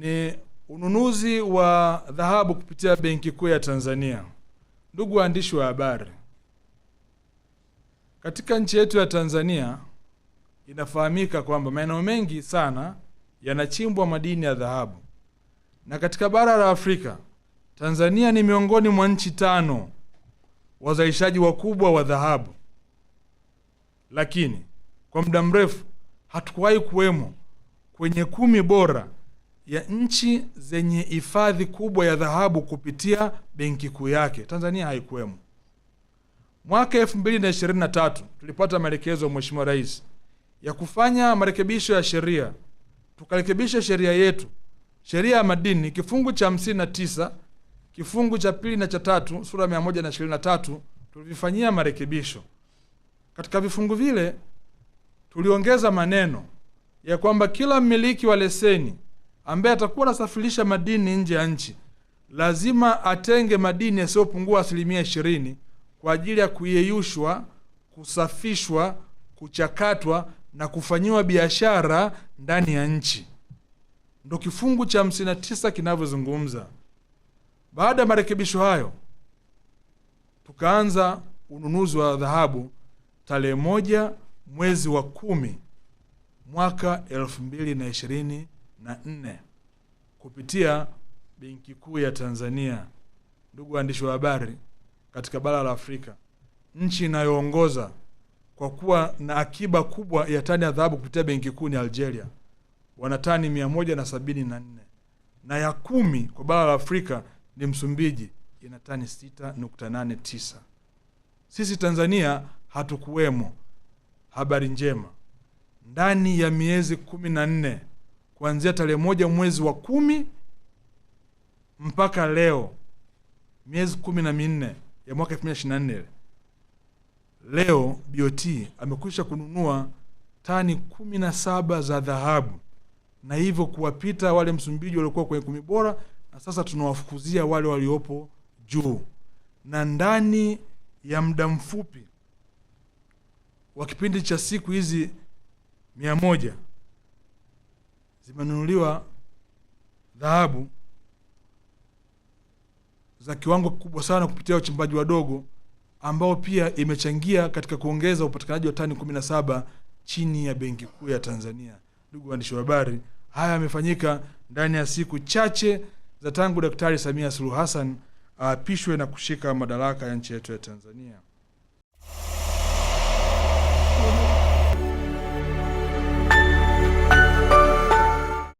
ni ununuzi wa dhahabu kupitia Benki Kuu ya Tanzania. Ndugu waandishi wa habari, katika nchi yetu ya Tanzania inafahamika kwamba maeneo mengi sana yanachimbwa madini ya dhahabu, na katika bara la Afrika Tanzania ni miongoni mwa nchi tano wazalishaji wakubwa wa dhahabu, lakini kwa muda mrefu hatukuwahi kuwemo kwenye kumi bora ya nchi zenye hifadhi kubwa ya dhahabu kupitia benki kuu yake. Tanzania haikuwemo. Mwaka 2023 tulipata maelekezo ya Mheshimiwa Rais ya kufanya marekebisho ya sheria, tukarekebisha sheria yetu, sheria ya madini kifungu cha 59 kifungu cha pili na cha tatu sura 123 tulivifanyia marekebisho. Katika vifungu vile tuliongeza maneno ya kwamba kila mmiliki wa leseni ambaye atakuwa anasafirisha madini nje ya nchi lazima atenge madini yasiyopungua asilimia ishirini kwa ajili ya kuyeyushwa, kusafishwa, kuchakatwa na kufanyiwa biashara ndani ya nchi. Ndo kifungu cha 59 kinavyozungumza. Baada ya marekebisho hayo, tukaanza ununuzi wa dhahabu tarehe moja mwezi wa kumi mwaka elfu mbili na ishirini na nne kupitia Benki Kuu ya Tanzania. Ndugu waandishi wa habari, katika bara la Afrika nchi inayoongoza kwa kuwa na akiba kubwa ya tani ya dhahabu kupitia benki kuu ni Algeria, wana tani mia moja na sabini na nne na ya kumi kwa bara la Afrika ni Msumbiji, ina tani 6.89. Sisi Tanzania hatukuwemo. Habari njema, ndani ya miezi kumi na nne kuanzia tarehe moja mwezi wa kumi mpaka leo miezi kumi na minne ya mwaka elfu mbili ishirini na nne leo BOT amekwisha kununua tani kumi na saba za dhahabu na hivyo kuwapita wale Msumbiji waliokuwa kwenye kumi bora, na sasa tunawafukuzia wale waliopo juu, na ndani ya muda mfupi wa kipindi cha siku hizi mia moja zimenunuliwa dhahabu za kiwango kikubwa sana kupitia wachimbaji wadogo ambao pia imechangia katika kuongeza upatikanaji wa tani kumi na saba chini ya Benki Kuu ya Tanzania. Ndugu waandishi wa habari, haya yamefanyika ndani ya siku chache za tangu Daktari Samia Suluhu Hassan aapishwe na kushika madaraka ya nchi yetu ya Tanzania.